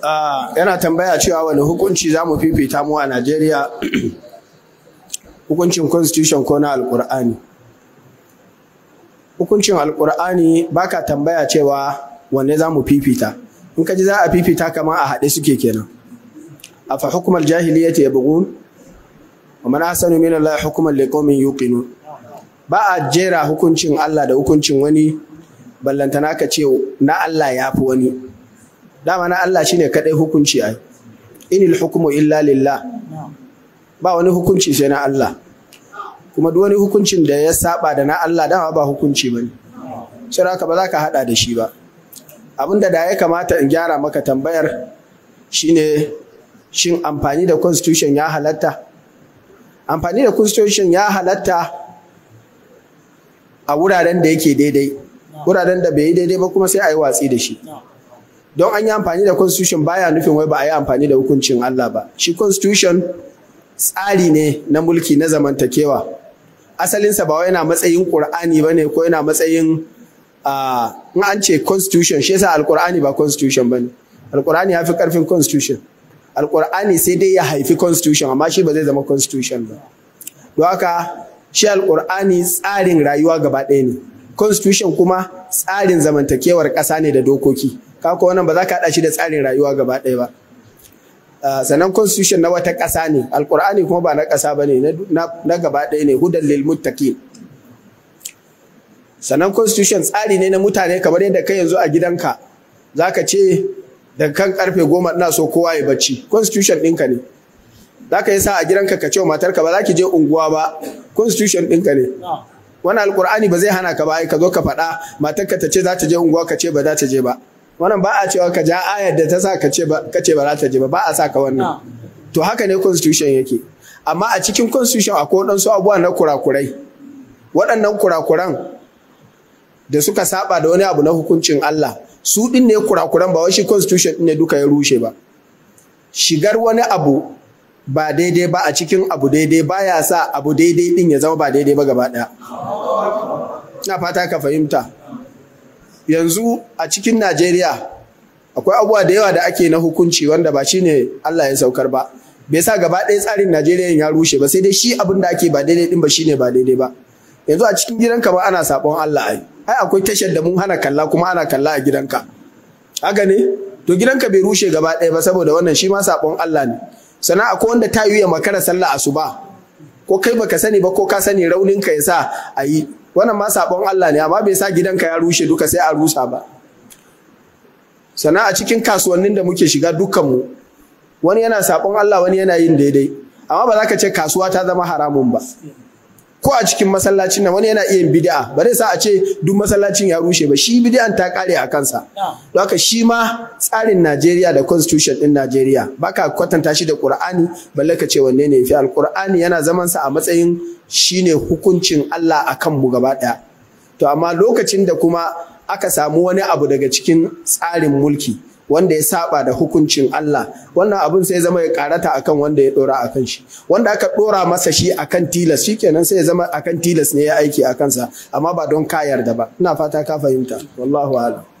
Ah. yana tambaya cewa wani hukunci za mu fifita mu a Najeriya hukuncin constitution ko na alkur'ani hukuncin alkur'ani baka tambaya cewa wanne za mu fifita in ka ji za a fifita kama a haɗe suke kenan a fa hukumar jahiliyyati yabghun wa man ahsanu min Allah hukuman liqaumin yuqinun ba a jera hukuncin Allah da hukuncin wani ballantana ka ce na Allah ya fi wani dama na Allah shine kadai hukunci ai inil hukmu illa lillah ba wani hukunci sai na Allah kuma duk wani hukuncin da ya saba da na Allah dama ba hukunci bane sai haka ba za ka hada da shi ba abinda da ya kamata in gyara maka tambayar shine shin amfani da constitution ya halatta amfani da constitution ya halatta a wuraren da yake daidai wuraren da bai yi daidai ba kuma sai a yi watsi da shi don an yi amfani da constitution baya nufin wai ba a yi amfani da hukuncin Allah ba shi constitution tsari ne na mulki na zamantakewa asalinsa ba wai yana matsayin qur'ani bane ko yana matsayin in an ce constitution shi yasa alqur'ani ba constitution bane alqur'ani ya fi karfin constitution alqur'ani sai dai ya haifi constitution amma shi ba zai zama constitution ba don haka shi alqur'ani tsarin rayuwa gaba ɗaya ne constitution kuma tsarin zamantakewar ƙasa ne da dokoki ka ko wannan ba za ka haɗa shi da tsarin rayuwa gaba ɗaya ba sannan constitution na wata ƙasa ne alkur'ani kuma ba na ƙasa ba ne na gaba ɗaya ne hudan lil muttaqin sannan constitution tsari ne na mutane kamar yadda kai yanzu a gidanka zaka ce da kan karfe goma ina so kowa ya bacci constitution ɗinka ne zaka yi sa a gidanka ka ce wa matar ka ba za ki je unguwa ba constitution ɗinka ne wani alkur'ani ba zai hana ka ba ka zo ka faɗa Matar ka ta ce za ta je unguwa ka ce ba za ta je ba wannan ba a cewa ka ja ayar da ta sa ka ce ba za ta je ba ba a sa ka wannan to haka ne constitution yake amma a cikin constitution akwai waɗansu abubuwa na kurakurai waɗannan kurakuran da suka saba da wani abu na hukuncin Allah su ɗin ne kurakuran ba wai shi constitution ɗin ne duka ya rushe ba shigar wani abu ba daidai ba a cikin abu daidai baya sa abu daidai din ya zama ba daidai ba gaba ɗaya na fata ka fahimta yanzu a cikin Najeriya akwai abubuwa da yawa da ake na hukunci wanda ba shi ne Allah ya saukar ba bai sa gaba ɗaya tsarin Najeriya ya rushe ba sai dai shi abin da ake ba daidai din ba shine ba daidai ba yanzu a cikin gidanka ba ana sabon Allah ai ai akwai tashar da mun hana kalla kuma ana kalla a gidanka haka ne to gidanka bai rushe gaba ɗaya ba saboda wannan shi ma sabon Allah ne sannan akwai wanda ta yi ya makara sallah asuba ko kai baka sani ba ko ka sani rauninka ya sa a yi wannan ma sabon Allah ne amma bai sa gidanka ya rushe duka sai a rusa ba sana'a cikin kasuwannin da muke shiga dukkanmu wani yana sabon Allah wani yana yin daidai amma ba za ka ce kasuwa ta zama haramun ba ko a cikin masallacin nan wani yana iya bid'a ba zai sa a ce duk masallacin ya rushe ba shi bid'an ta kare a kansa don haka shi ma tsarin Najeriya da constitution din Najeriya baka kwatanta shi da Qur'ani balle ka ce wanne ne fi alqur'ani yana zaman sa a matsayin shine hukuncin Allah akan mu gaba daya to amma lokacin da kuma aka samu wani abu daga cikin tsarin mulki wanda ya saba da hukuncin Allah wannan abun sai zama ya karata akan wanda ya dora akan shi wanda aka dora masa shi akan tilas shikenan sai ya zama akan tilas ne ya aiki akan sa amma ba don kayar da ba ina fata ka fahimta wallahu a'lam